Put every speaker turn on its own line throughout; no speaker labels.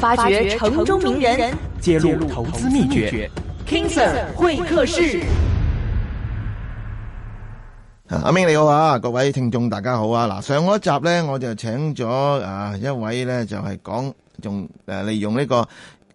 發掘城中
名人，揭露投資秘訣。King
Sir 會客室。阿明你好啊，各位聽眾大家好啊！嗱，上一集咧我就請咗啊一位咧就係講仲誒利用呢個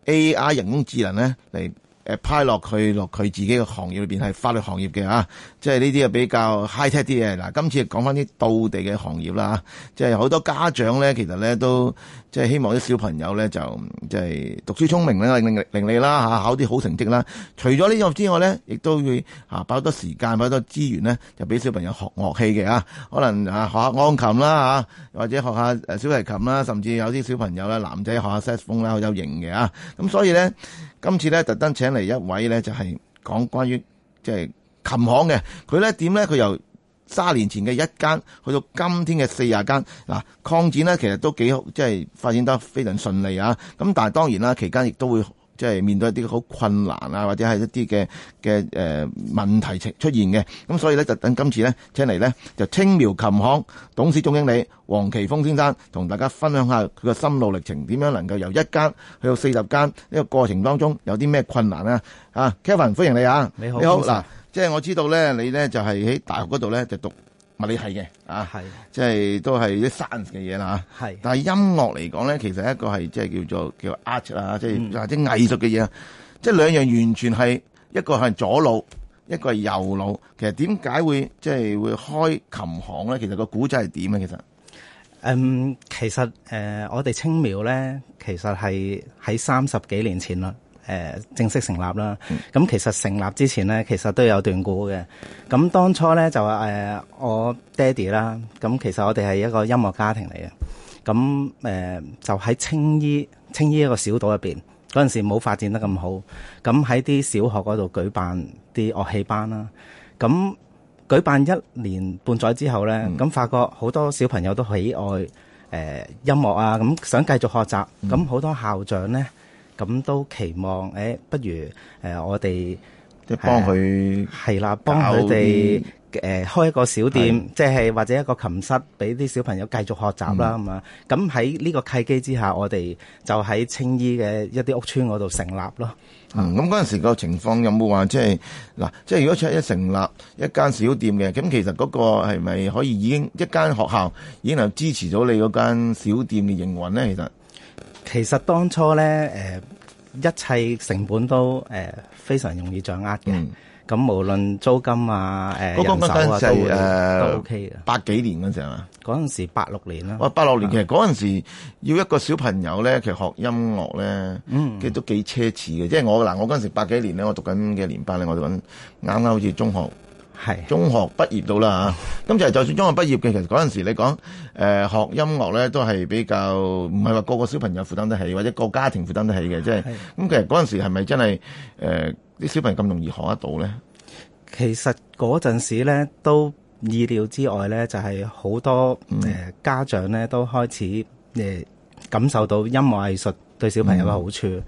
AI 人工智能咧嚟誒派落去落佢自己嘅行業裏邊係法律行業嘅啊，即係呢啲就係、比較 high tech 啲嘢。嗱、啊，今次講翻啲道地嘅行業啦，即係好多家長咧其實咧都。即係希望啲小朋友咧就即係讀書聰明咧，伶俐伶俐啦，嚇考啲好成績啦。除咗呢個之外咧，亦都會嚇擺多時間、擺多資源咧，就俾小朋友學樂器嘅啊。可能啊學下鋼琴啦嚇，或者學下誒小提琴啦，甚至有啲小朋友啦男仔學下薩風啦，好有型嘅啊。咁所以咧，今次咧特登請嚟一位咧就係講關於即係琴行嘅，佢咧點咧佢又。三年前嘅一間，去到今天嘅四廿間，嗱、啊、擴展呢其實都幾好，即係發展得非常順利啊！咁、啊、但係當然啦，期間亦都會即係面對一啲好困難啊，或者係一啲嘅嘅誒問題出現嘅。咁、啊、所以咧，就等今次呢，請嚟呢，就青苗琴行董事總經理黃麒豐先生，同大家分享一下佢嘅心路歷程，點樣能夠由一間去到四十間？呢、這個過程當中有啲咩困難咧、啊？啊，Kevin，歡迎你啊！你好，你好嗱。即係我知道咧，你咧就係喺大學嗰度咧就讀物理系嘅啊，的即係都係啲 science 嘅嘢啦吓。係的。但係音樂嚟講咧，其實一個係即係叫做叫 art 啊，嗯、即係或者藝術嘅嘢。即係兩樣完全係一個係左腦，一個係右腦。其實點解會即係、就是、會開琴行咧？其實個古仔係點啊？其實，嗯、呃，其實誒，我哋青苗咧，其實
係喺三十幾年前啦。誒、呃、正式成立啦，咁、嗯、其實成立之前呢，其實都有段故嘅。咁當初呢，就話誒、呃、我爹哋啦，咁其實我哋係一個音樂家庭嚟嘅。咁誒、呃、就喺青衣青衣一個小島入邊。嗰陣時冇發展得咁好。咁喺啲小學嗰度舉辦啲樂器班啦。咁舉辦一年半載之後呢，咁、嗯、發覺好多小朋友都喜愛誒、呃、音樂啊，咁想繼續學習。咁好、嗯、多校長呢。咁都期望，誒、欸，不如誒、呃，我哋即係幫佢係啦，幫佢哋誒開一個小店，即係是的、就是、或者一個琴室，俾啲小朋友繼續學習啦。咁咁喺呢個契機之下，我哋就喺
青衣嘅一啲屋村嗰度成立咯。嗯，咁嗰陣時個情況有冇話即係嗱，即係如果出一成立一間小店嘅，咁其實嗰個係咪可以已經一間學校已經係支持咗你嗰間小店嘅營運咧？其實？其實當初咧，誒，一切成本都誒非常容易掌握嘅。咁、嗯、無論租金啊，誒，人工啊，都 OK 嘅，八幾年嗰陣時係嘛，嗰陣時八
六年啦、哦。八
六年其實嗰陣時要一個小朋友咧，其實學音樂咧，其實都幾奢侈嘅。嗯嗯即係我嗱，我嗰陣時八幾年咧，我讀緊嘅年班咧，我哋揾啱啱好似中學，係是中學畢業到啦吓。咁就就算中學畢業嘅，其實嗰陣時你講。誒、呃、學音樂咧，都係比較唔係話個個小朋友負擔得起，或者個，個家庭負擔得起嘅。即係咁，就是、其實嗰陣時係咪真係誒啲小朋友咁容易學得到咧？其實嗰陣時咧都意料之外咧，就係、是、好
多誒、呃、家長咧都開始誒、呃、感受到音樂藝術對小朋友嘅好處，咁、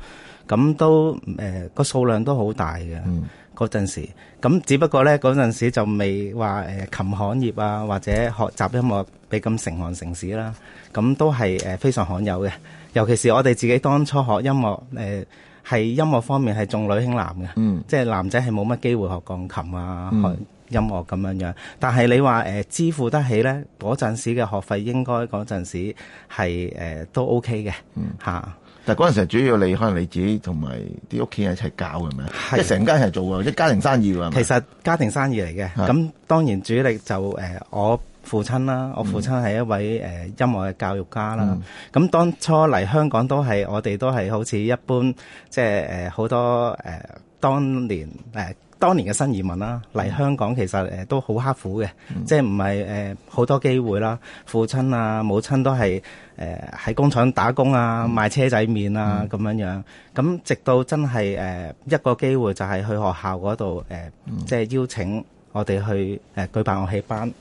嗯、都誒個、呃、數量都好大嘅。嗯嗰陣時，咁只不過咧，嗰陣時就未話、呃、琴行業啊，或者學習音樂比咁成行成市啦。咁都係、呃、非常罕有嘅，尤其是我哋自己當初學音樂誒，係、呃、音樂方面係重女輕男嘅，嗯、即係男仔係冇乜機會學鋼琴啊、嗯、學音樂咁樣樣。但係你話誒、呃、支付得起咧，嗰陣時嘅學費應該嗰陣時係、呃、都 OK 嘅嚇。嗯啊但嗰
陣時候主要你可能你自己同埋啲屋企人一齊教嘅咩？即係成家係做啊，即係家庭生意啊。其實家庭生意嚟嘅，咁是當然主力就誒我父親啦，
我父親係一位誒、嗯呃、音樂嘅教育家啦。咁、嗯、當初嚟香港都係我哋都係好似一般，即係誒好多誒、呃、當年誒。呃當年嘅新移民啦，嚟香港其實誒都好刻苦嘅，嗯、即係唔係誒好多機會啦。父親啊、母親都係誒喺工廠打工啊、賣車仔麵啊咁樣、嗯、樣。咁直到真係誒一個機會，就係去學校嗰度誒，嗯、即係邀請我哋去誒舉辦樂器班。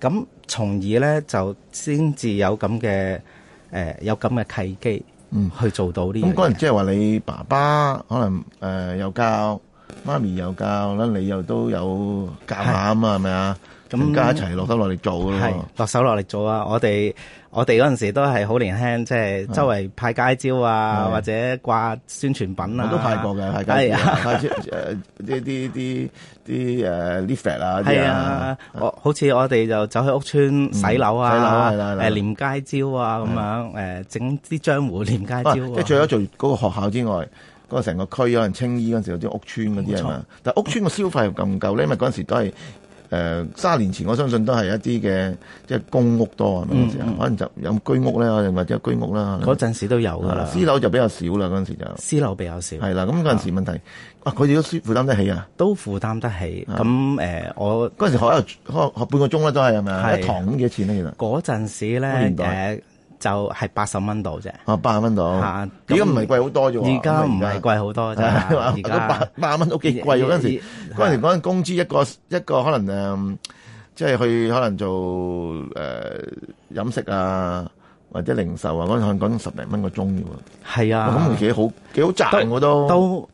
咁從而咧，就先至有咁嘅誒有咁嘅契機，嗯，去做到呢。咁嗰陣
即係話你爸爸可能誒又、呃、教。媽咪又教啦，你又都有教下咁係咪啊？咁加一齊落手落力做咯。
落手落力做啊！我哋我哋嗰陣時都係好年輕，即係周圍派街招啊，或者掛宣傳品啊。我都派過嘅，派街招，派啲啲啲啲誒 leaflet 啊。係啊，我好似我哋就走去屋村洗樓啊，誒粘街招啊咁樣誒整啲漿糊粘街招。即係除咗
做嗰個學校之外。嗰個成個區可能青衣嗰時有啲屋村嗰啲係咪？但屋村嘅消費又咁夠咧，因為嗰陣時都係誒三十年前，我相信都係一啲嘅即係公屋多係咪？嗰時可能就有居屋咧，或者居屋啦。嗰陣時都有㗎啦，私樓就比較少啦。嗰陣時就私樓比較少。係啦，咁嗰陣時問題，佢哋都負擔得起啊？都負擔得起。咁誒，我嗰陣時學一個學學半個鐘啦，都係係咪？一堂幾多
錢咧？其實嗰陣時咧就係八十蚊度啫，啊、哦，八十蚊度，貴
多而家唔係貴好多啫，而家唔係貴好多啫，而家百八十蚊都幾貴喎。嗰陣時，嗰陣時嗰陣工資一個一個可能誒，即、嗯、係、就是、去可能做誒、呃、飲食啊。或者零售啊，嗰陣香港十零蚊個鐘啫，係啊，咁幾好，幾好賺嘅都都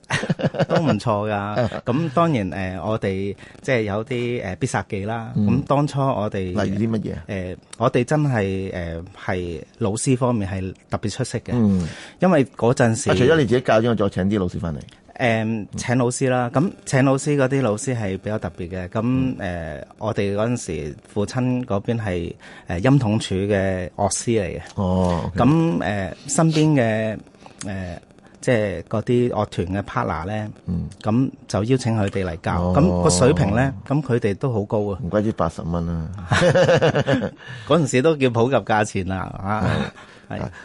都唔錯噶。咁 當
然誒、呃，我哋即係有啲誒必殺技啦。咁、嗯、當初我哋例如啲乜嘢？誒、呃，我哋真係誒係老師方面係特別出色嘅。嗯，因為嗰陣時、啊，除咗你自己教，仲有請啲老師返嚟。誒、um, 請老師啦，咁、嗯、請老師嗰啲老師係比較特別嘅，咁誒、嗯呃、我哋嗰陣時候父親嗰邊係、呃、音統處嘅樂師嚟嘅，哦，咁、okay. 誒、呃、身邊嘅誒、呃、即係嗰啲樂團嘅 partner 咧，咁、嗯、就邀請佢哋嚟
教，咁、哦、個水平咧，咁佢哋都好高啊，唔怪之八十蚊啦，嗰陣時都叫普及價錢啦、嗯、啊！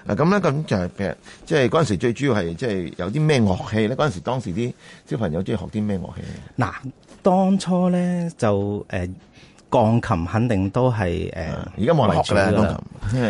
嗱咁咧，咁就係即係嗰陣時最主要係，即係有啲咩樂器咧？嗰陣時當時啲小朋友中意學啲咩樂器？嗱，當初咧就誒、呃、鋼琴肯定都係誒，
而家冇人學㗎啦，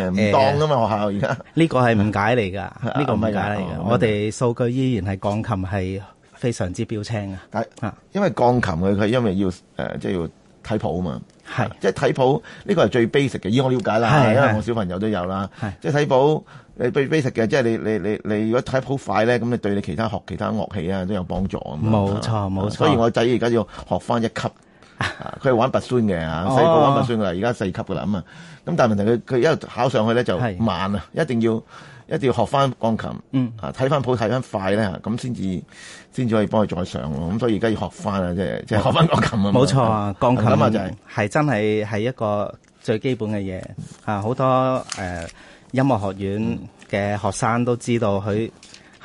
唔當㗎嘛學校而家。呢個係誤解嚟㗎，呢的個唔係解
嚟㗎。的我哋數據依然係鋼琴係非常之標青啊！啊，因為鋼琴佢佢因為要即係、呃就是、要睇譜啊嘛。係，是即係睇譜呢個係最 basic 嘅，以我了解啦，是是是因為我小朋友都有啦。是是即係睇譜，你最 basic 嘅，即係你你你你，如果睇譜快咧，咁你對你其他學其他樂器啊都有幫助啊。冇錯冇錯，錯所以我仔而家要學返一級，佢係玩巴松嘅啊，細個玩巴松嘅而家四級嘅啦，啊咁但係問題佢佢一路考上去咧就慢啊，是是一定要。一定要學翻鋼琴，嗯、啊睇翻譜睇翻快咧，咁先至先至可以幫佢再上咁、啊、所以而家要學翻啊，即係即係學翻鋼琴啊。冇 錯啊，鋼琴啊就係、是、真係係一個最基本嘅
嘢啊！好多誒、呃、音樂學院嘅學生都知道佢。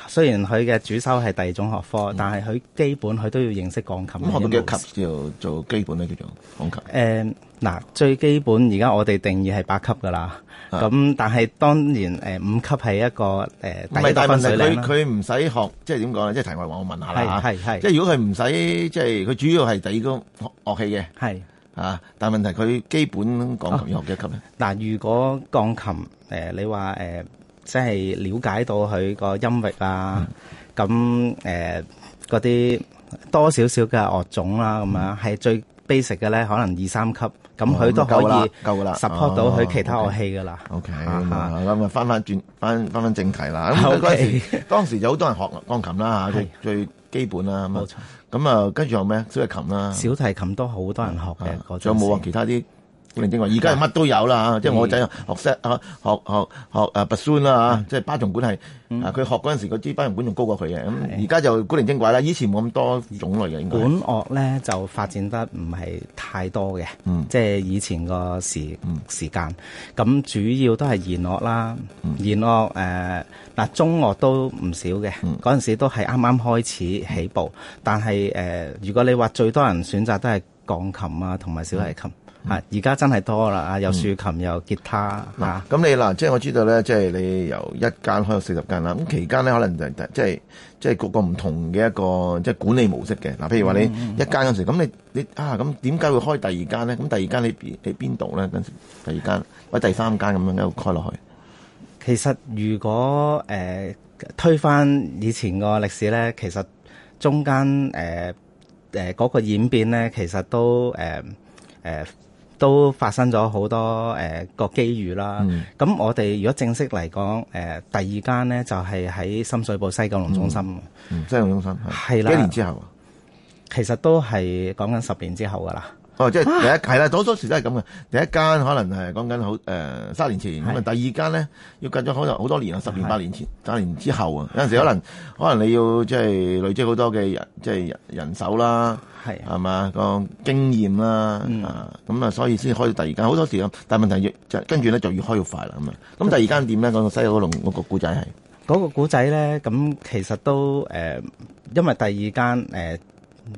雖然佢嘅主修係第二種學科，嗯、但係佢基本佢都要認識鋼琴。咁、嗯、學到幾級叫做基本呢？叫做鋼琴？誒嗱，最基本而家我哋定義係八級㗎喇。咁、啊、但係當然誒五級係一個誒。唔係，但問題佢
唔使學，即係點講呢？即係題外話，我問下啦係係。即係如果佢唔使，即係佢主要係第二個樂樂器嘅。係但係問題佢基本鋼琴要學幾級咧？
嗱、啊，如果鋼琴、呃、你話即係了解到佢個音域啊，咁誒嗰啲多少少嘅樂種啦，咁樣係最 basic 嘅咧，可能二三級，咁佢都可以夠啦，support 到佢其他樂器
噶啦。OK，咁啊，翻翻轉，翻翻翻正題啦。咁嗰時，當時有好多人學鋼琴啦，嚇，最最基本啦。冇錯。咁啊，跟住有咩小提琴啦？小提琴都好多人學嘅，仲有冇啊？其他啲？古靈精怪，而家係乜都有啦，即係我仔學 set 啊，學學學誒 bassoon 啦，即係巴松管係啊。佢學嗰陣時，嗰支巴松管仲高過佢嘅。咁而家就古靈精怪啦。以前冇咁多種類嘅。管樂咧就發展得唔係太多嘅，即係以前個時時
間咁主要都係弦樂啦，弦樂誒嗱，中樂都唔少嘅，嗰陣時都係啱啱開始起步，但係誒，如果你話最多人選擇都係鋼琴啊，同埋小提琴。係而家真係多啦，有豎琴，
有吉他。嗱、嗯，咁、啊、你嗱，即係我知道咧，即、就、係、是、你由一間開到四十間啦。咁期間咧，可能就即係即係各個唔同嘅一個即係、就是、管理模式嘅。嗱、啊，譬如話你一間嗰時，咁你你啊咁點解會開第二間咧？咁第二間你邊你邊度咧？跟住第二間或者第三間咁樣開開落去。其實如果誒、呃、
推翻以前個歷史咧，其實中間誒嗰、呃那個演變咧，其實都誒、呃呃都發生咗好多誒、呃、個機遇啦。咁、嗯、我哋如果正式嚟講，誒、呃、第二間咧就係、是、喺
深水埗西九龍中，、嗯、中心。西九龍中心係啦，的幾年之後啊？其實都係講緊十年之後噶啦。哦，即係第一係啦、啊，多數時都係咁嘅。第一間可能係講緊好誒三年前咁啊，的第二間咧要近咗好好多年啊，十年的八年前三年之後啊，有陣時候可能的可能你要即係累積好多嘅人，即係人，人手啦。係，係嘛、嗰個經驗啦，啊咁啊，嗯、啊所以先開到第二間，好多時咁。但係問題要就跟住咧，就要開到快啦咁啊。咁第二間店咧，嗰、嗰個西九龍嗰、嗰個故仔係嗰個故仔
咧，咁其實都、呃、因為第二間、呃、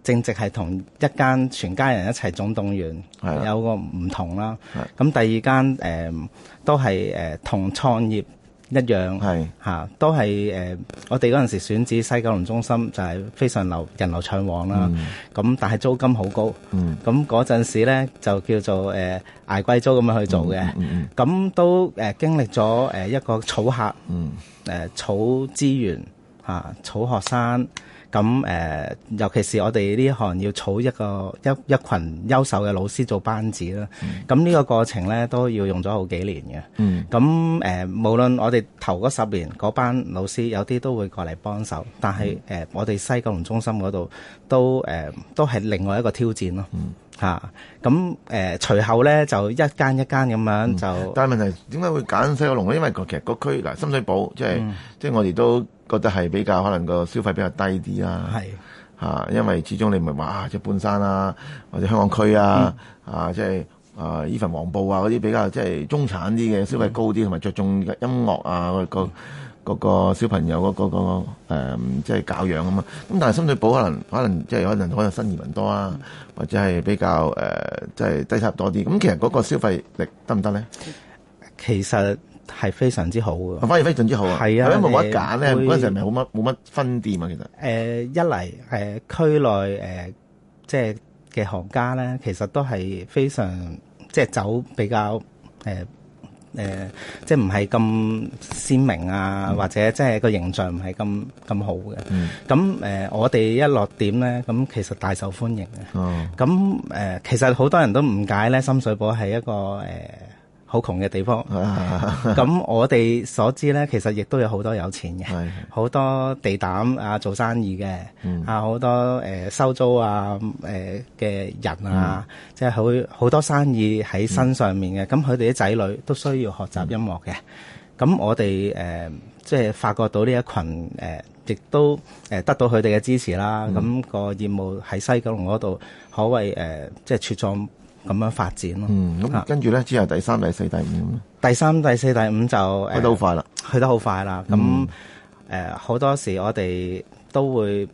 正直係同一間全家人一齊總動員，的有個唔同啦。咁的第二間、呃、都係、呃、同創業。一樣是、啊、都係誒、呃，我哋嗰陣時選址西九龍中心就係、是、非常流人流暢旺啦。咁、嗯啊、但係租金好高，咁嗰陣時咧就叫做誒捱、呃、貴租咁樣去做嘅。咁、嗯嗯啊、都誒、呃、經歷咗、呃、一個草客，
嗯
啊、草資源、啊、草學生。咁誒、呃，尤其是我哋呢行要儲一個一一群優秀嘅老師做班子啦。咁呢、嗯、個過程咧，都要用咗好幾年嘅。咁誒、嗯呃，無論我哋頭嗰十年嗰班老師，有啲都會過嚟幫手，但係誒、嗯呃，我哋西九龍中心嗰度都誒，都係、呃、另外一個挑戰咯。嗯吓咁誒，隨、啊呃、後咧就一間一間咁樣就。
嗯、但係問題點解會揀西九龍咧？因為其實個區嗱，深水埗即係即係我哋都覺得係比較可能個消費比較低啲啦。係吓是、啊，因為始終你唔係話即係半山啦、啊，或者香港區啊，吓即係啊呢份、就是啊、黃埔啊嗰啲比較即係、就是、中產啲嘅、嗯、消費高啲，同埋着重的音樂啊、嗯那個。嗰個小朋友嗰、那個即係、嗯就是、教養啊嘛。咁但係深水埗，可能可能即係可能可能新移民多啦，或者係比較誒，即、呃、係、就是、低收入多啲。咁其實嗰個消費力得唔得咧？其實係非常之好嘅，反而非常之好啊。係啊，冇乜揀咧，本身係咪冇乜冇乜分店啊？其實
誒，一嚟係、呃、區內誒，即係嘅行家咧，其實都係非常即係、就是、走比較誒。呃誒、呃，即係唔係咁鮮明啊，嗯、或者即係個形象唔係咁咁好嘅。咁誒、嗯呃，我哋一落點咧，咁其實大受歡迎嘅。咁誒、哦呃，其實好多人都誤解咧，深水埗係一個誒。呃好窮嘅地方，咁、啊啊、我哋所知咧，其實亦都有好多有錢嘅，好是的 多地膽啊，做生意嘅，嗯、啊好多、呃、收租啊嘅、呃、人啊，嗯、即係好好多生意喺身上面嘅。咁佢哋啲仔女都需要學習音樂嘅。咁、嗯、我哋、呃、即係發覺到呢一群亦、呃、都得到佢哋嘅支持啦。咁、嗯、個業務喺西九龍嗰度，可謂、呃、即係茁壯。咁樣發展咯、啊，嗯，咁跟住咧之後第三、第四、第五。第三、第四、第五就去得好快啦，去得好快啦。咁誒好多時我哋都會誒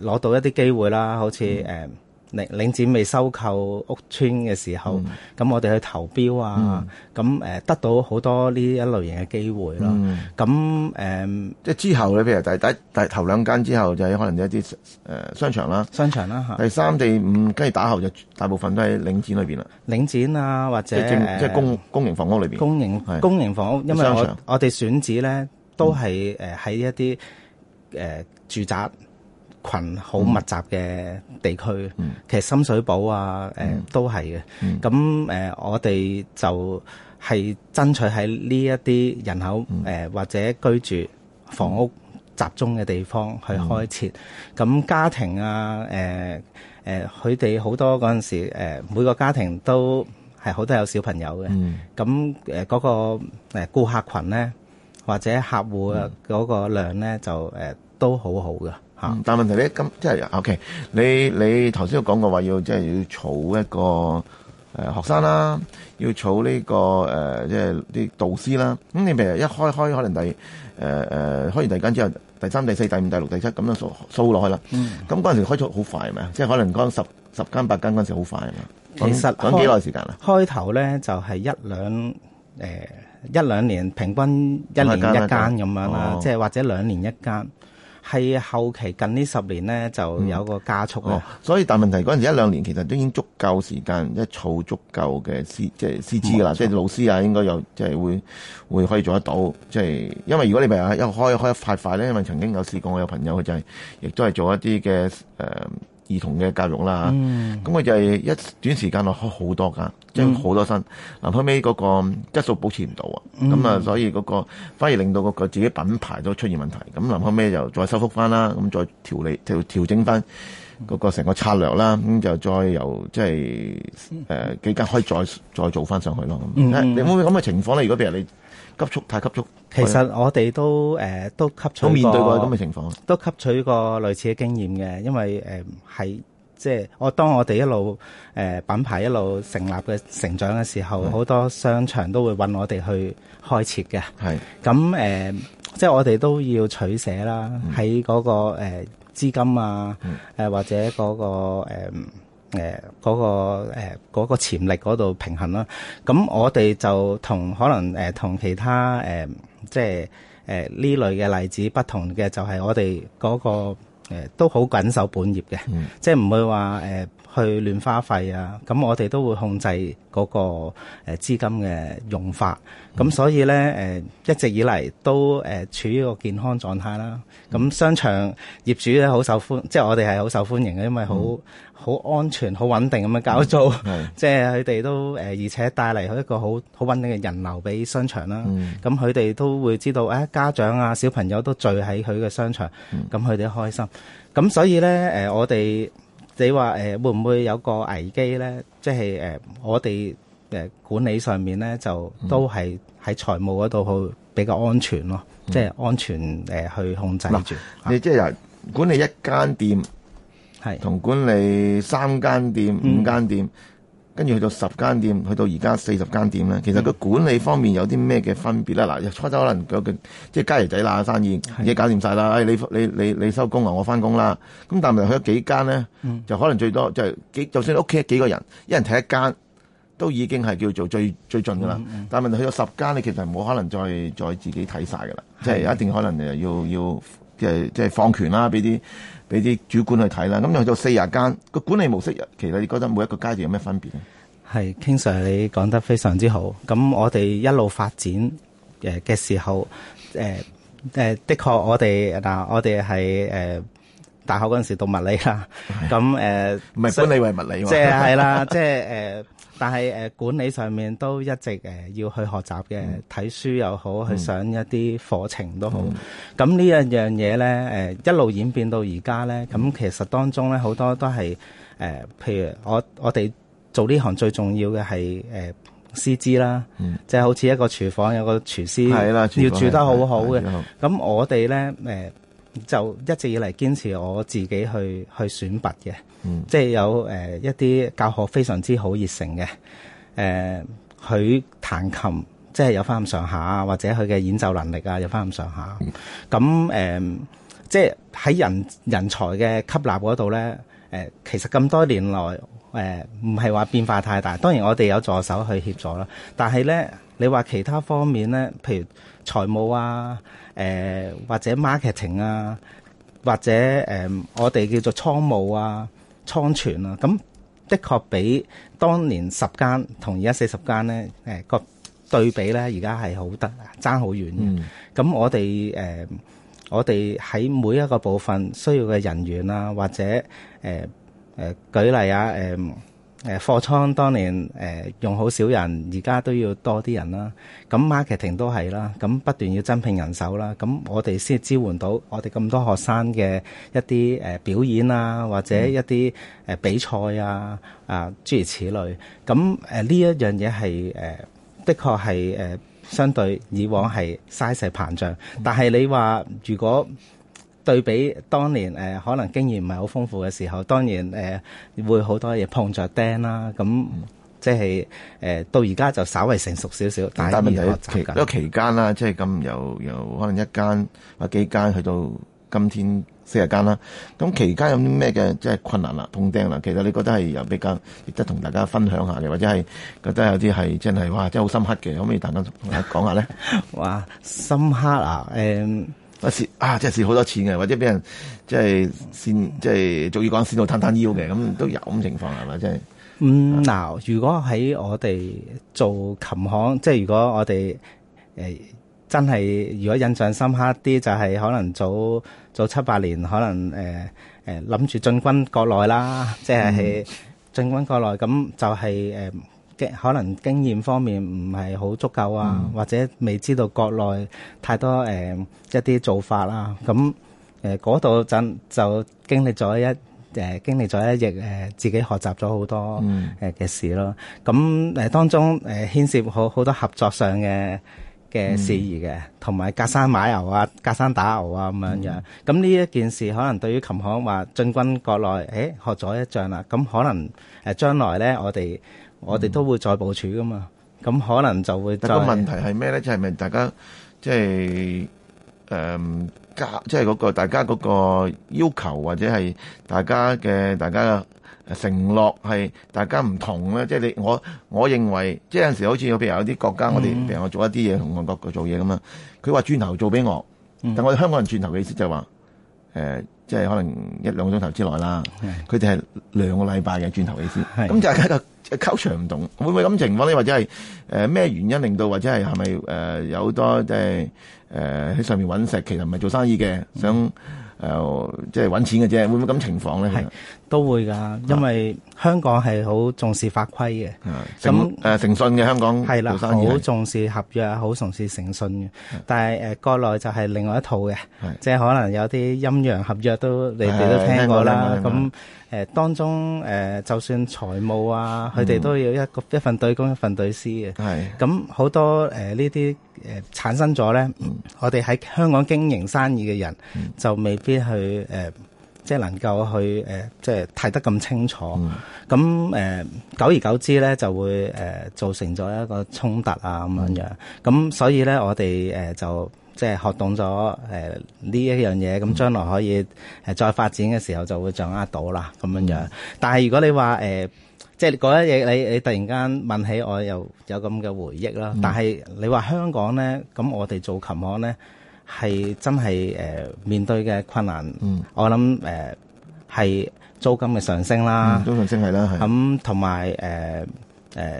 攞、呃、到一啲機會啦，好似誒。嗯領領展未收購屋村嘅時候，咁我哋去投標啊，咁
誒得到好多呢一類型嘅機會啦。咁誒，即係之後咧，譬如第第第頭兩間之後就可能一啲誒商場啦，商場啦嚇。第三、第五，跟住打後就大部分都喺領展裏邊啦。領展啊，或者即係公公營房屋
裏邊。公營公營房屋，因為我哋選址咧都係誒喺一啲誒住宅。群好密集嘅地區，嗯、其實深水埗啊，呃、都係嘅。咁誒、嗯呃，我哋就係爭取喺呢一啲人口誒、嗯呃、或者居住房屋集中嘅地方去開設。咁、嗯、家庭啊，誒、呃、誒，佢哋好多嗰陣時、呃、每個家庭都係好多有小朋友嘅。咁嗰、嗯呃嗰個顧客群咧，或者客戶嗰個量咧，嗯、就、
呃、都好好㗎。嗯、但問題咧，咁即係 OK，你你頭先講過話要即係要儲一個誒、呃、學生啦，要儲呢、這個誒、呃、即係啲導師啦。咁你譬如一開開可能第誒誒、呃、開完第二間之後第三、第四、第五、第六、第七咁樣掃掃落去啦。咁嗰、嗯、時時開出好快係咪即係可能嗰十十間八間嗰時時好快啊嘛。其實講幾耐開時間啊？開頭咧就係、是、一兩
誒、呃、一兩年，平均一年一間咁樣啦，即係或者兩年一間
係後期近呢十年咧，就有個加速啊、嗯哦！所以但問題嗰陣時一兩年其實都已經足夠時間，即係儲足夠嘅師，錯即係師資啦，即係老師啊，應該有即係會會可以做得到。即係因為如果你咪啊，一開開一塊快，咧，因為曾經有試過，我有朋友佢就係、是、亦都係做一啲嘅誒。呃兒童嘅教育啦，咁佢就係一短時間內開好多間，即係好多新。嗱、嗯、後尾嗰個質素保持唔到啊，咁啊、嗯、所以嗰個反而令到個自己品牌都出現問題。咁臨後尾又再收復翻啦，咁再調理調調整翻嗰個成個策略啦，咁就再由即係誒幾間可以再再做翻上去咯。咁、嗯、你會唔會咁嘅情況咧？如果譬如你。急速，太急促，其實我哋都誒、呃、都吸取過都面對過咁嘅情況，
都吸取過類似嘅經驗嘅。因為誒喺、呃、即係我當我哋一路誒、呃、品牌一路成立嘅成長嘅時候，好是的 多商場都會搵我哋去開設嘅。係咁誒，即係我哋都要取捨啦，喺嗰、那個誒、呃、資金啊，是的 或者嗰、那個、呃誒嗰、呃那個誒嗰、呃那個、潛力嗰度平衡啦，咁我哋就同可能誒、呃、同其他誒、呃、即係誒呢類嘅例子不同嘅、那個，就係我哋嗰個都好緊守本業嘅，嗯、即係唔會話誒，呃去亂花費啊！咁我哋都會控制嗰個資資金嘅用法，咁、嗯、所以呢，嗯、一直以嚟都處、呃、處於一個健康狀態啦。咁、嗯、商場業主咧好受歡，即係我哋係好受歡迎嘅、就是，因為好好、嗯、安全、好穩定咁樣交租，即係佢哋都、呃、而且帶嚟一個好好穩定嘅人流俾商場啦。咁佢哋都會知道、哎，家長啊、小朋友都聚喺佢嘅商場，咁佢哋開心。咁所以呢，呃、我哋。你話誒會唔會有個危機咧？即係誒我哋管理上面咧，就都係喺財務嗰度好比較安全咯，即係安全誒去控制
住。嗯嗯。你即係管理一間店，係同管理三間店、五間店。嗯跟住去到十間店，去到而家四十間店咧。其實個管理方面有啲咩嘅分別咧？嗱，初可能有、那個、即係家爺仔啦生意嘢搞掂晒啦。誒，你你你你收工啊，我翻工啦。咁但係去咗幾間咧，就可能最多即係幾，就算屋企幾個人，一人睇一間，都已經係叫做最最盡噶啦。但係問題去到十間，你其實冇可能再再自己睇晒噶啦。是的 即係一定可能要要即係即係放權啦，俾啲。俾啲主管去睇啦，咁用咗四廿間個管理模式，其實你覺得每一個階段有咩分別咧？係，King Sir，你講得非常之好。咁我哋
一路發展誒嘅時候，誒、呃、誒、呃，的確我哋嗱、呃，我哋係誒。呃大學嗰陣時讀物理啦，咁誒，唔係管理為物理嘛？即係係啦，即係誒，但係管理上面都一直要去學習嘅，睇書又好，去上一啲課程都好。咁呢一樣嘢咧，一路演變到而家咧，咁其實當中咧好多都係誒，譬如我我哋做呢行最重要嘅係誒師資啦，即係好似一個廚房有個廚師，要煮得好好嘅。咁我哋咧就一直以嚟堅持我自己去去選拔嘅，嗯、即係有誒一啲教學非常之好熱誠嘅，誒、呃、佢彈琴即係有翻咁上下，或者佢嘅演奏能力啊有翻咁上下。咁誒、嗯呃、即係喺人人才嘅吸納嗰度咧，其實咁多年來誒唔係話變化太大。當然我哋有助手去協助啦，但係咧你話其他方面咧，譬如財務啊。誒或者 marketing 啊，或者誒、呃、我哋叫做倉務啊、倉存啊，咁的確比當年十間同而家四十間咧，誒個對比咧，而家係好得爭好遠嘅。咁、嗯、我哋誒、呃、我哋喺每一個部分需要嘅人員啊，或者誒誒、呃呃、舉例啊、呃誒貨倉當年誒、呃、用好少人，而家都要多啲人啦。咁 marketing 都係啦，咁不斷要增聘人手啦。咁我哋先支援到我哋咁多學生嘅一啲誒表演啊，或者一啲誒比賽啊，嗯、啊諸如此類。咁誒呢一樣嘢係誒，的確係誒相對以往係嘥勢膨脹。但係你話如果，對比當年誒、呃，可能經驗唔係好豐富嘅時候，當然誒、呃、會好多嘢碰着釘啦。咁、嗯、即係誒、呃、到而家就稍為成熟少少，但係有期間個
期間啦，即係咁由由可能一間或幾間去到今天四十間啦。咁期間有啲咩嘅即係困難啦、啊、碰釘啦、啊？其實你覺得係又比較值得同大家分享一下嘅，或者係覺得有啲係真係哇，真係好深刻嘅，可唔可以大家同我講下咧？ 哇，深刻啊！誒、嗯。不蝕啊！即係蝕好多錢嘅，或者俾人即係先即係，早要講先到攤攤腰嘅，咁都有咁情況係咪？即係嗯，嗱，如果喺我哋做琴行，即係如果
我哋誒、呃、真係如果印象深刻啲，就係、是、可能早早七八年，可能誒誒諗住進軍國內啦，即係、嗯、進軍國內咁就係、是、誒。呃可能經驗方面唔係好足夠啊，或者未知道國內太多誒一啲做法啦。咁誒嗰度就就經歷咗一誒經歷咗一役誒，自己學習咗好多誒嘅事咯。咁誒當中誒牽涉好好多合作上嘅嘅事宜嘅，同埋隔山買牛啊，隔山打牛啊咁樣樣。咁呢一件事可能對於琴行話進軍國內，誒學咗一仗啦。咁可能誒將來咧，我哋。我哋都會再部署噶嘛，咁可能就會。但個問題係
咩咧？就係、是、咪大家即係誒加，即係嗰個大家嗰個要求或者係大家嘅大家嘅承諾係大家唔同咧？即、就、係、是、你我，我認為即係、就是、有陣時好似譬如有啲國家，我哋譬、嗯、如我做一啲嘢同外國做嘢咁樣佢話轉頭做俾我，但我哋香港人轉頭嘅意思就係話誒。即係可能一兩個鐘是頭之內啦，佢哋係兩個禮拜嘅轉頭意思，咁就係一個溝長唔同。會唔會咁情況咧？或者係誒咩原因令到，或者係係咪誒有好多即係誒喺上面揾食，其實唔係做生意嘅想。嗯誒即係揾錢嘅啫，會唔會咁情況咧？係都會㗎，因為香
港係好重視法規嘅。
咁誒誠信嘅香港係啦，好
重視合約，好重視誠信嘅。但係誒國內就係另外一套嘅，即係可能有啲陰陽合約都你哋都聽過啦。咁誒當中誒，就算財務啊，佢哋都要一個一份對公一份對私嘅。係咁好多誒呢啲。誒、呃、產生咗咧，我哋喺香港經營生意嘅人，嗯、就未必去，呃、即係能夠去，呃、即係睇得咁清楚。咁誒，嗯呃、久而久之咧，就會誒，呃、造成咗一個衝突啊咁樣樣。咁，嗯、所以咧，我哋誒就即係學懂咗誒呢一樣嘢，咁將來可以誒再發展嘅時候就會掌握到啦咁樣樣。但係如果你話誒，呃即係嗰一嘢，你你突然間問起我，又有咁嘅回憶啦。但係你話香港咧，咁我哋做琴行咧，係真係誒面對嘅困難。嗯、我諗誒係租金嘅上升啦、嗯，租金上升係啦。咁同埋誒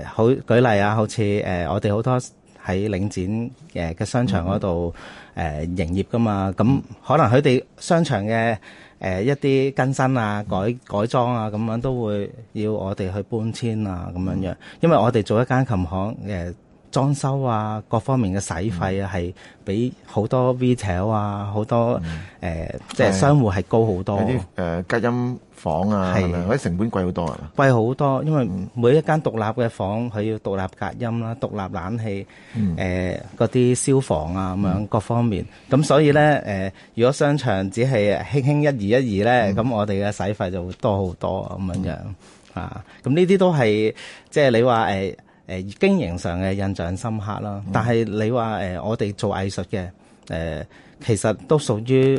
好舉例啊，好似誒我哋好多喺領展嘅商場嗰度。嗯嗯誒、呃、營業㗎嘛，咁可能佢哋商場嘅誒、呃、一啲更新啊、改改裝啊，咁樣都會要我哋去搬遷啊，咁樣樣，因為我哋做一間琴行嘅。裝修啊，各方面嘅使費啊，係、嗯、比好多 retail 啊，好多誒，嗯呃、即係商戶係高好多、呃。誒隔、呃、音房啊，係咪？嗰啲嗎嗎成本貴好多啊？貴好多，因為每一間獨立嘅房佢要獨立隔音啦，獨立冷氣，誒嗰啲消防啊咁樣各方面。咁、嗯嗯、所以咧誒、呃，如果商場只係輕輕一二一二咧，咁、嗯、我哋嘅使費就會多好多咁樣樣、嗯、啊。咁呢啲都係即係你話誒誒經營上嘅印象深刻啦，但係你話誒、呃、我哋做藝術嘅誒、呃，其實都屬於誒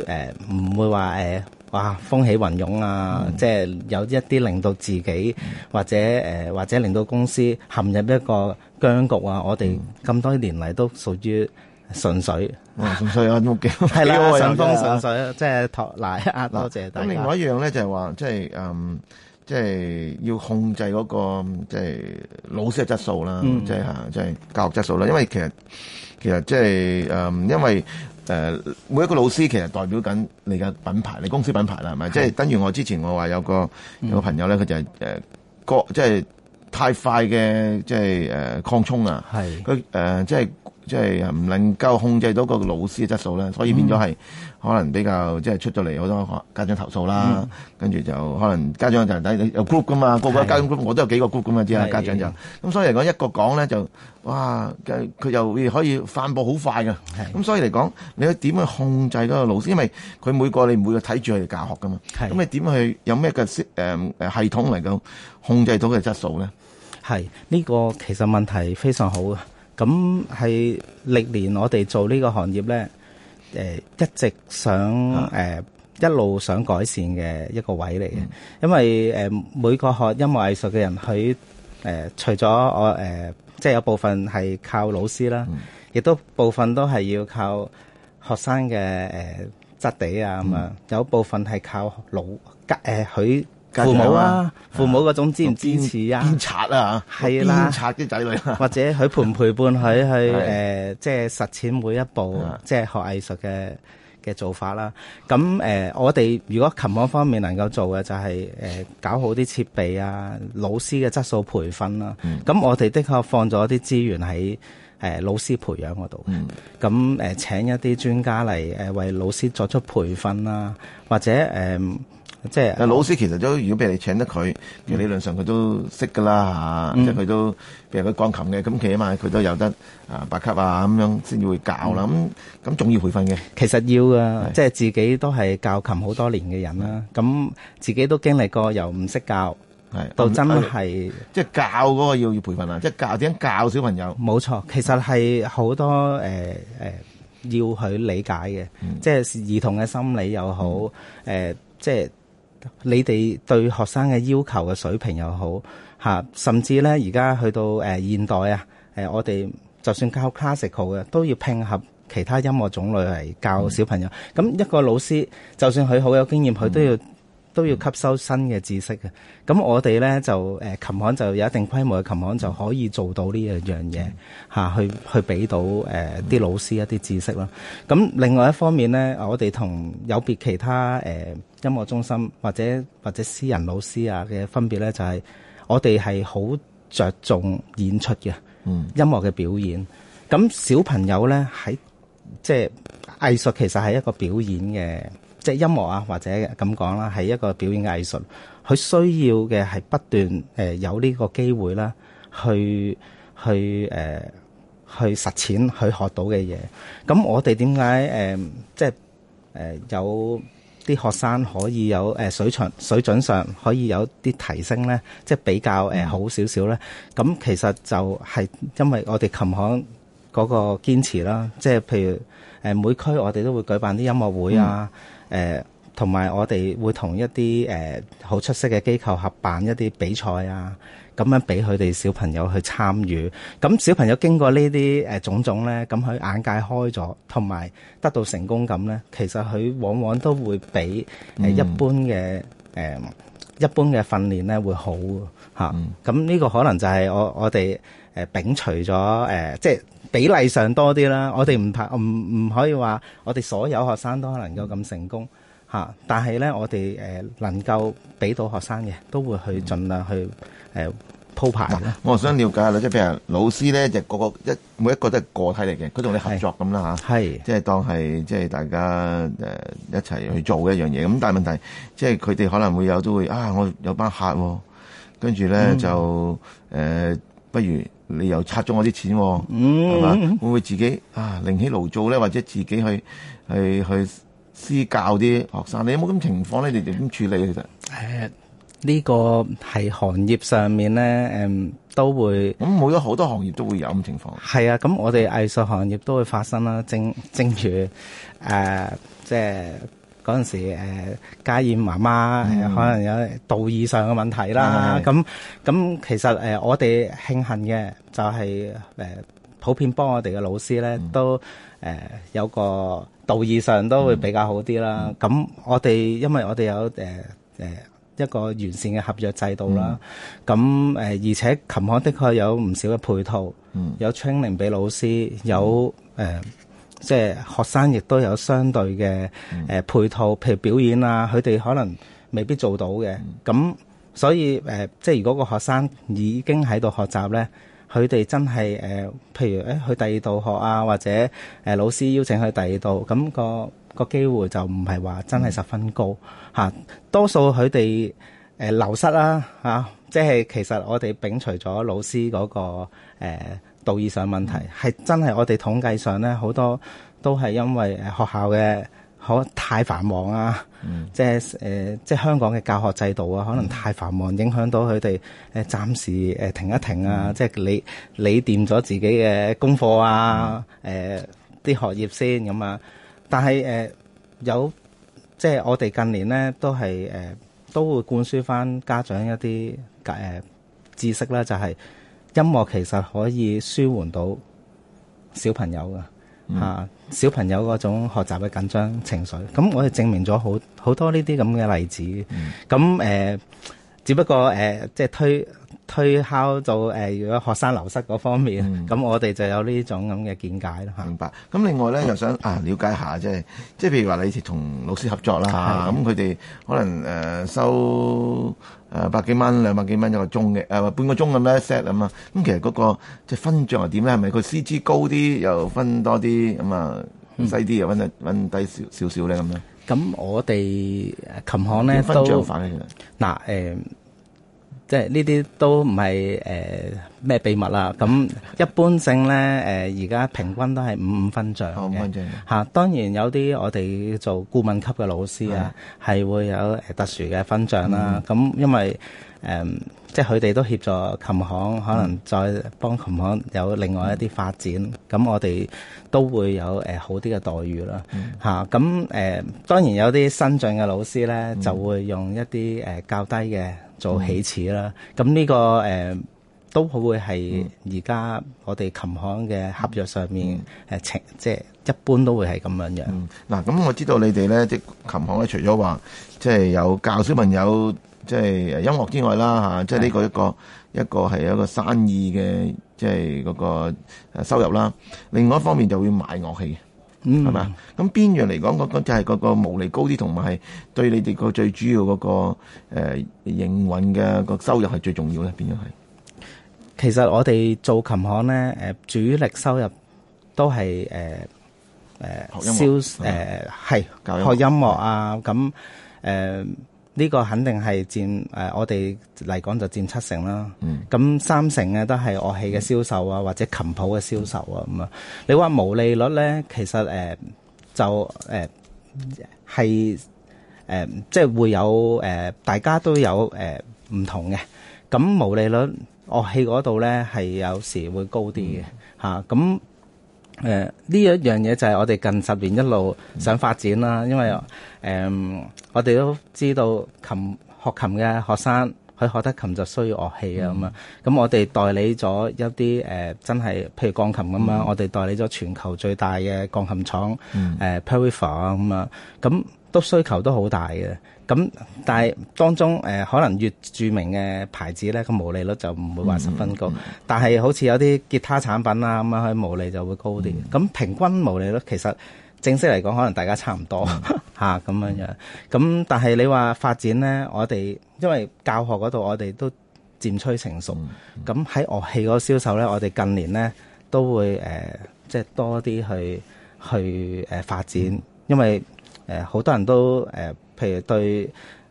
唔、呃、會話誒、呃，哇風起雲湧」啊！嗯、即係有一啲令到自己或者誒、呃、或者令到公司陷入一個僵局啊！嗯、我哋咁多年嚟都屬於順水，順水、嗯。純水啊！都幾係啦，順風順
水、啊，即係托賴啊，啊、就是！多謝大家。咁另外一樣咧，就係話即係嗯。即係要控制嗰，那個即係老師嘅質素啦，嗯、即係即係教學質素啦。因為其實其實即、就、係、是嗯、因為、呃、每一個老師其實代表緊你嘅品牌，你公司品牌啦，係咪？即係是 等於我之前我話有個有個朋友咧，佢、嗯、就係即係太快嘅即係誒擴充啊，佢即係。呃就是即係唔能夠控制到個老師嘅質素呢，所以變咗係可能比較即係出咗嚟好多家長投訴啦，跟住、嗯、就可能家長就睇有 group 噶嘛，個個家長 group 我都有幾個 group 㗎嘛，知啦家長就咁，的所以嚟講一個講咧就哇，佢又可以發佈好快噶，咁的所以嚟講，你點去控制嗰個老師？因為佢每個你唔會去睇住佢教學噶嘛，咁的你點去有咩嘅系統嚟到控制到佢嘅質素咧？係呢、呢個其實問題非常好嘅。咁係
歷年我哋做呢個行業咧，誒一直想誒一路想改善嘅一個位嚟嘅，因為誒每個學音樂藝術嘅人佢誒，除咗我誒，即係有部分係靠老師啦，亦都部分都係要靠學生嘅誒質地啊咁樣，有部分係靠老誒佢。父母啊，父母嗰種支唔支持啊鞭？鞭策啊，係啦，鞭策啲仔女。 或者佢陪唔陪伴佢去誒，即係實踐每一步，的即係學藝術嘅嘅做法啦。咁誒、呃，我哋如果琴行方面能夠做嘅、就係，就係誒搞好啲設備啊，老師嘅質素培訓啦、啊。咁、嗯、我哋的確放咗啲資源喺誒、呃、老師培養嗰度。咁誒、嗯呃、請一啲專家嚟誒、呃、為老師作出培訓啦、
啊，或者誒。呃即係，老師其實都，如果俾你請得佢，理論上佢都識噶啦吓，即係佢都，譬如佢鋼琴嘅，咁起碼佢都有得啊八級啊咁樣先至會教啦，咁咁仲要培訓嘅。其實要啊，即係自己都係
教琴好多年嘅人啦，咁自己都經歷過又唔識教，係到真係即係教嗰個要要培訓啊！即係教點樣教小朋友？冇錯，其實係好多誒誒要佢理解嘅，即係兒童嘅心理又好，誒即係。你哋對學生嘅要求嘅水平又好吓，甚至咧，而家去到誒、呃、現代啊，呃、我哋就算教 classical 嘅，都要拼合其他音樂種類嚟教小朋友。咁、嗯、一個老師，就算佢好有經驗，佢都要。都要吸收新嘅知識嘅，咁我哋咧就誒琴行就有一定規模嘅琴行就可以做到呢樣嘢吓，去去俾到誒啲、呃嗯、老師一啲知識啦。咁另外一方面咧，我哋同有別其他誒、呃、音樂中心或者或者私人老師啊嘅分別咧，就係、是、我哋係好着重演出嘅，音樂嘅表演。咁、嗯、小朋友咧喺即係藝術，其實係一個表演嘅。即係音樂啊，或者咁講啦，係一個表演藝術。佢需要嘅係不斷誒有呢個機會啦，去去誒、呃、去實踐，去學到嘅嘢。咁我哋點解誒即係誒有啲學生可以有誒水長水準上可以有啲提升咧？即係比較誒、呃、好少少咧。咁其實就係因為我哋琴行嗰個堅持啦，即係譬如、呃、每區我哋都會舉辦啲音樂會啊。嗯誒同埋我哋會同一啲誒好出色嘅機構合辦一啲比賽啊，咁樣俾佢哋小朋友去參與。咁小朋友經過呢啲誒種種咧，咁佢眼界開咗，同埋得到成功感咧，其實佢往往都會比、嗯呃、一般嘅誒、呃、一般嘅訓練咧會好嚇。咁、啊、呢、嗯、個可能就係我我哋誒摒除咗誒、呃、即係。比例上多啲啦，我哋唔唔唔可以話，我哋所有學生都能夠咁成功吓，但係咧我哋誒能夠俾到學生嘅，都會去盡量去
誒鋪排、嗯、我想了解下啦，即係譬如老師咧，就個個一每一個都係個體嚟嘅，佢同你合作咁啦嚇，即係當係即係大家誒一齊去做一樣嘢咁，但係問題即係佢哋可能會有都會啊，我有班客喎，跟住咧就誒、嗯呃、不如。你又拆咗我啲錢喎，係嘛、嗯？會唔會自己啊，另起爐灶咧，或者自己去去去私教啲學生？你有冇咁情況咧？你哋點處理其實？誒、呃，呢、這個係行業
上面咧，誒、嗯、都會。咁好多好多行業都會有咁情況。係啊，咁我哋藝術行業都會發生啦。正正如誒、呃，即係。嗰陣時誒、呃、家燕媽媽誒、呃、可能有道義上嘅問題啦，咁咁、嗯、其實誒、呃、我哋慶幸嘅就係、是、誒、呃、普遍幫我哋嘅老師咧、嗯、都誒、呃、有個道義上都會比較好啲啦。咁、嗯嗯、我哋因為我哋有誒誒、呃、一個完善嘅合約制度啦，咁誒、嗯呃、而且琴行的確有唔少嘅配套，嗯、有 training 俾老師，有誒。呃即係學生亦都有相對嘅誒、呃、配套，譬如表演啊，佢哋可能未必做到嘅。咁、嗯、所以誒、呃，即係如果個學生已經喺度學習咧，佢哋真係誒、呃，譬如去第二度學啊，或者誒、呃、老師邀請去第二度，咁、那個個機會就唔係話真係十分高、嗯啊、多數佢哋、呃、流失啦、啊、嚇、啊，即係其實我哋摒除咗老師嗰、那個、呃道義上問題係真係我哋統計上咧，好多都係因為學校嘅可太繁忙啊，即係即係香港嘅教學制度啊，可能太繁忙，影響到佢哋暫時停一停啊，即係你你掂咗自己嘅功課啊，啲、嗯呃、學業先咁啊。但係、呃、有即係、就是、我哋近年咧都係、呃、都會灌輸翻家長一啲、呃、知識啦，就係、是。音樂其實可以舒緩到小朋友嘅吓、嗯啊、小朋友嗰種學習嘅緊張情緒，咁我哋證明咗好好多呢啲咁嘅例子，咁誒、嗯呃、只不過誒、呃、即係推。推敲做誒，如果學生流失嗰方面，咁、嗯、我哋就有呢種咁嘅見
解咯嚇。明白。咁另外咧，又想啊了解下，即係即係譬如話你以前同老師合作啦嚇，咁佢哋可能誒、呃、收誒、呃、百幾蚊、兩百幾蚊一個鐘嘅，誒、呃、半個鐘咁咧 set 咁啊。咁其實嗰個即係分賬又點咧？係咪個師資高啲又分多啲咁啊？細啲又分得分低少少少咧咁咧？咁我哋琴行咧分賬都嗱誒。呃呃即係呢啲
都唔係誒咩秘密啦。咁一般性咧，誒而家平均都係五五分賬嘅嚇。當然有啲我哋做顧問級嘅老師啊，係的會有特殊嘅分獎賬啦。咁、嗯、因為誒、呃、即係佢哋都協助琴行，可能再幫琴行有另外一啲發展。咁、嗯、我哋都會有、呃、好啲嘅待遇啦嚇。咁誒、嗯啊呃、當然有啲新進嘅老師咧，就會用一啲誒較低嘅。做起始啦，咁呢、這個誒、呃、都會係而家我哋琴行嘅合作上面
情，即、嗯呃、一般都會係咁樣樣。嗱、嗯，咁我知道你哋咧，即琴行咧，除咗話即係有教小朋友即係、就是、音樂之外啦，即係呢個一個是的 一個係一個生意嘅，即係嗰個收入啦。另外一方面就會買樂器。是吧嗯，係嘛？咁邊樣嚟講？嗰、那個就係嗰個毛利高啲，同埋係對你哋個最主要嗰、那個誒、呃、營運嘅個收入係最重要咧？邊樣係？其實我哋做琴行咧，誒主力收入
都係誒誒教誒係學音樂啊！咁誒的。呢個肯定係佔誒、呃，我哋嚟講就佔七成啦。咁、嗯、三成呢都係樂器嘅銷售啊，或者琴譜嘅銷售啊咁啊。你話毛利率咧，其實誒、呃、就誒係誒，即係會有誒、呃，大家都有誒唔、呃、同嘅。咁毛利率樂器嗰度咧，係有時會高啲嘅嚇咁誒呢、呃、一樣嘢就係我哋近十年一路想發展啦，嗯、因為誒、呃、我哋都知道琴學琴嘅學生，去學得琴就需要樂器啊咁啊，咁、嗯、我哋代理咗一啲誒、呃、真係，譬如鋼琴咁樣啊，嗯、我哋代理咗全球最大嘅鋼琴廠誒 Purifier 啊咁啊，咁都需求都好大嘅。咁但係當中誒可能越著名嘅牌子咧，個毛利率就唔會話十分高。Mm hmm. 但係好似有啲吉他產品呀，咁樣，佢毛利率就會高啲。咁、mm hmm. 平均毛利率其實正式嚟講，可能大家差唔多吓咁樣、mm hmm. 啊、樣。咁但係你話發展咧，我哋因為教學嗰度，我哋都漸趨成熟。咁喺、mm hmm. 樂器嗰個銷售咧，我哋近年咧都會即係、呃就是、多啲去去誒發展，mm hmm. 因為好、呃、多人都、呃譬如對，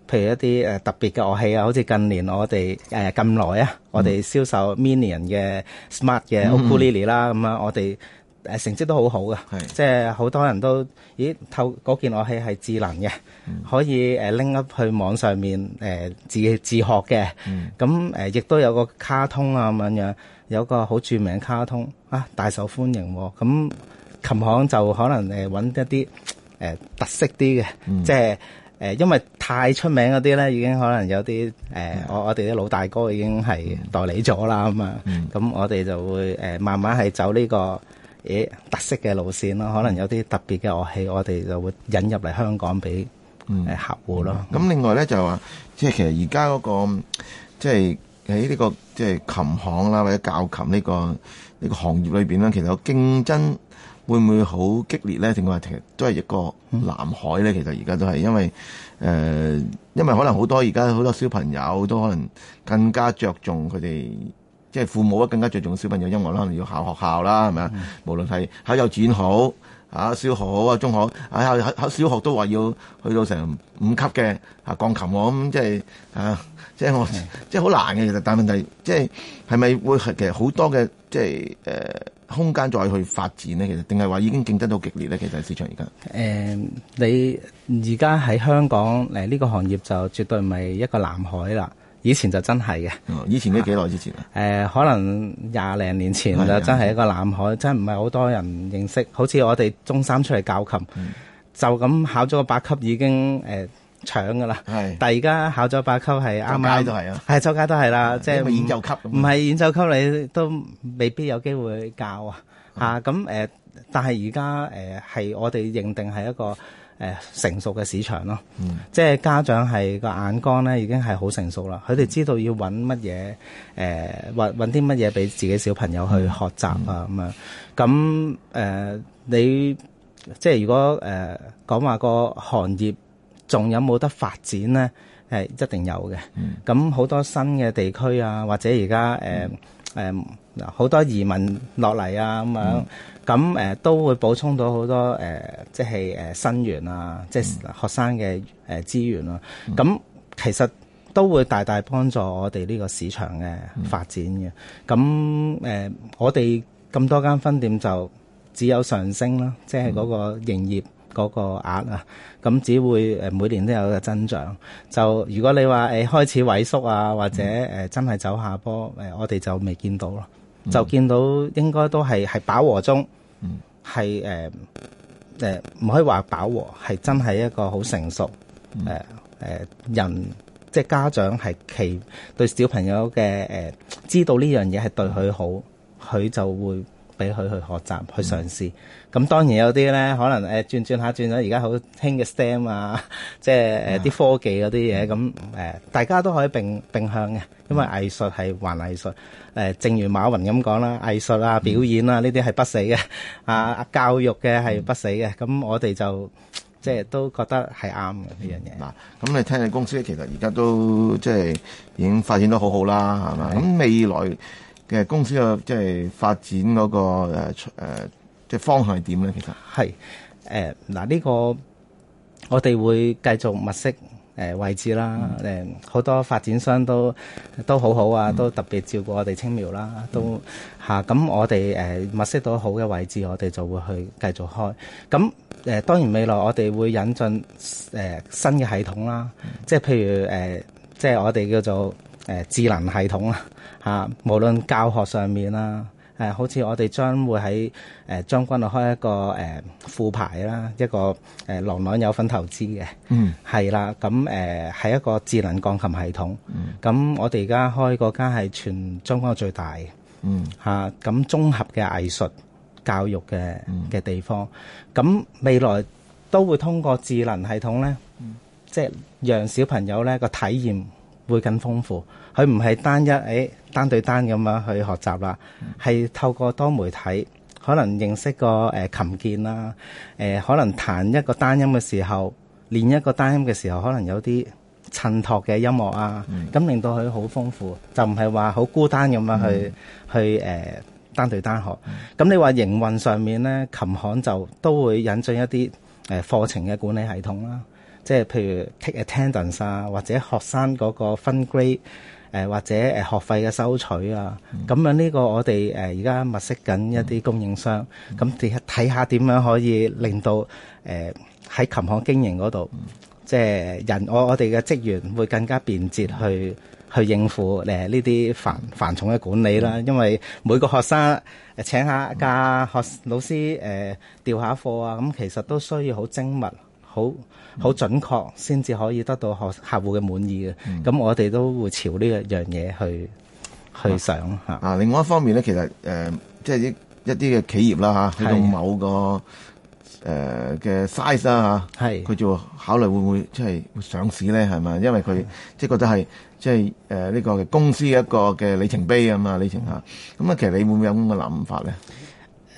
譬如一啲、呃、特別嘅樂器啊，好似近年我哋誒、呃、近來啊，我哋銷售 Minion 嘅 smart 嘅 ukulele 啦，咁啊，我哋、呃、成績都好好嘅，是 即係好多人都咦透嗰件樂器係智能嘅，嗯、可以拎入去網上面誒、呃、自自學嘅，咁亦、嗯嗯嗯嗯、都有個卡通啊咁樣，有個好著名卡通啊大受歡迎喎，咁琴行就可能誒揾、呃、一啲、呃、特色啲嘅，嗯、即係。誒，因為太出名嗰啲咧，已經可能有啲誒，我我哋啲老大哥已經係代理咗啦，咁啊、嗯，咁我哋就會誒，慢慢係走呢、呢個誒特色嘅路線咯。可能有啲特別嘅樂器，我哋就會引入嚟香港俾誒
客戶咯。咁、嗯、另外咧就係話，即係其實而家嗰個即係喺呢個即係琴行啦，或者教琴呢、呢個呢、呢個行業裏面咧，其實有競爭。會唔會好激烈咧？定話其實都係一個藍海咧。其實而家都係因為誒、呃，因為可能好多而家好多小朋友都可能更加着重佢哋，即係父母啊更加着重小朋友音樂啦，可能要考學校啦，係咪啊？嗯、無論係考幼稚園好啊，小學好啊，中學啊，考考小學都話要去到成五級嘅啊，鋼琴喎咁，即係啊，即係、啊、我、嗯、即係好難嘅。其實，但問題即係係咪會其實好多嘅即係誒？呃空間再去發展呢，其實，定係話已經競爭到極烈咧。其實市場而家，誒，你而家喺香
港呢、呃呢個行業就絕對唔係一個藍海啦。以前就真係嘅、嗯，以前都幾耐之前啊，誒、呃，可能廿零年前就真係一個藍海，真係唔係好多人認識。好似我哋中三出嚟教琴，嗯、就咁考咗個八級已經、呃搶噶啦，是但係而家考咗八級係啱啱都係啊，係周街都係啦、啊，的即係不演奏級，唔係演奏級你都未必有機會教啊吓咁誒。但係而家誒係我哋認定係一個誒、呃、成熟嘅市場咯，嗯、即係家長係個眼光咧已經係好成熟啦。佢哋、嗯、知道要搵乜嘢誒，揾啲乜嘢俾自己小朋友去學習、嗯、啊咁樣。咁誒、呃，你即係如果誒講、呃、話個行業。仲有冇得發展咧？誒，一定有嘅。咁好、嗯、多新嘅地區啊，或者而家誒誒好多移民落嚟啊，咁、嗯、樣咁誒、呃、都會補充到好多誒、呃，即係誒生源啊，嗯、即係學生嘅誒資源啊。咁、嗯、其實都會大大幫助我哋呢個市場嘅發展嘅。咁誒、嗯呃，我哋咁多間分店就只有上升啦，即係嗰個營業。嗰個額啊，咁只會每年都有一個增長。就如果你話誒、欸、開始萎縮啊，或者、呃、真係走下坡、呃，我哋就未見到咯。就見到應該都係係飽和中，係唔、嗯呃呃、可以話飽和，係真係一個好成熟、嗯呃、人，即係家長係其對小朋友嘅、呃、知道呢樣嘢係對佢好，佢就會，俾佢去學習去嘗試，咁、嗯、當然有啲咧，可能誒轉轉下轉咗，而家好興嘅 STEM 啊，即係誒啲科技嗰啲嘢，咁、呃、大家都可以並，並向嘅，嗯、因為藝術係還藝術、呃，正如馬雲咁講啦，藝術啊表演啊呢啲係不死嘅，啊教育嘅係不死嘅，咁、嗯、我哋就即係都覺得係啱嘅呢樣嘢。
嗱、嗯，咁、啊、你聽你公司其實而家都即係已經發展得好好啦，係嘛的？咁的未來。嘅公司嘅即係發展嗰個誒即係方向係點咧？其實係誒嗱呢個我哋會繼續
物色誒位置啦。誒好、嗯、多發展商都都好好啊，嗯、都特別照顧我哋青苗啦。都嚇咁、嗯啊、我哋誒物色到好嘅位置，我哋就會去繼續開。咁誒、呃、當然未來我哋會引進誒、呃、新嘅系統啦。嗯、即係譬如誒、呃，即係我哋叫做。誒，智能系統啦，吓，無論教學上面啦，誒，好似我哋將會喺誒將軍澳開一個誒副牌啦，一個誒郎朗有份投資嘅，嗯是的，係啦，咁誒係一個智能鋼琴系統，咁、嗯、我哋而家開個間係全將軍最大嘅，嗯、啊，吓，咁綜合嘅藝術教育嘅嘅地方，咁未來都會通過智能系統咧，即、就、係、是、讓小朋友咧個體驗會更豐富，佢唔係單一誒、哎、單對單咁樣去學習啦，係、嗯、透過多媒體可能認識個誒、呃、琴鍵啦，誒、呃、可能彈一個單音嘅時候，練一個單音嘅時候，可能有啲襯托嘅音樂啊，咁、嗯、令到佢好豐富，就唔係話好孤單咁樣去、嗯、去誒、呃、單對單學。咁、嗯、你話營運上面呢，琴行就都會引進一啲誒課程嘅管理系統啦。即係譬如 take attendance 啊，或者學生嗰個分 grade 或者誒學費嘅收取啊。咁、嗯、樣呢個我哋而家物色緊一啲供應商，咁睇、嗯、下點樣可以令到喺、呃、琴行經營嗰度，即係、嗯、人我我哋嘅職員會更加便捷去、嗯、去應付呢啲繁繁重嘅管理啦。嗯、因為每個學生請下假、嗯、學老師誒、呃、調下課啊，咁其實都需要好精密好。好準確先至可以得到客客戶嘅滿意嘅，咁、嗯、我哋都會朝呢一樣嘢去、啊、
去想嚇。啊，另外一方面呢，其實誒，即、呃、係、就是、一一啲嘅企業啦嚇，佢、啊、用是的 某個誒嘅、呃、size 啦、啊、嚇，佢就是的 考慮會唔會即係、就是、上市咧，係咪？因為佢是的 即係覺得係即係誒呢個公司的一個嘅里程碑吖嘛，里程碑。咁啊，那其實你會唔會有咁嘅諗法咧？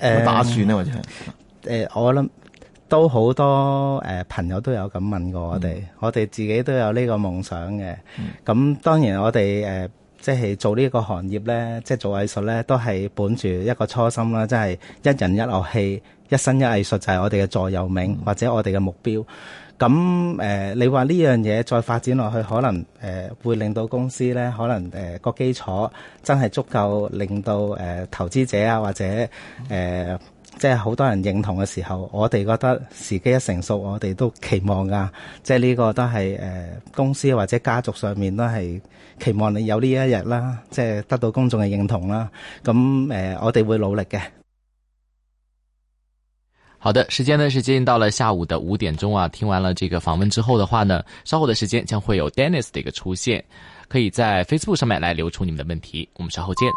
誒、呃，打算呢？或者係
誒，我諗。都好多誒、呃、朋友都有咁問過我哋，嗯、我哋自己都有呢個夢想嘅。咁、嗯、當然我哋誒即係做呢個行業咧，即、就、係、是、做藝術咧，都係本住一個初心啦，即、就、係、是、一人一樂器，一生一藝術就係我哋嘅座右銘、嗯、或者我哋嘅目標。咁誒、呃，你話呢樣嘢再發展落去，可能誒、呃、會令到公司咧，可能誒、呃、個基礎真係足夠令到誒、呃、投資者啊或者誒。呃嗯即係好多人認同嘅時候，我哋覺得時機一成熟，我哋都期望噶。即係呢個都係誒、呃、公司或者家族上面都係期望你有呢一日啦，即係得到公眾嘅認同啦。咁誒、呃，我哋會努力嘅。好的，時間呢是接近到了下午的五點鐘啊。聽完了這個訪問之後的話呢，
稍後嘅時間將會有 Dennis 嘅一個出現，可以在 Facebook 上面來留出你們的問題。我們稍後見。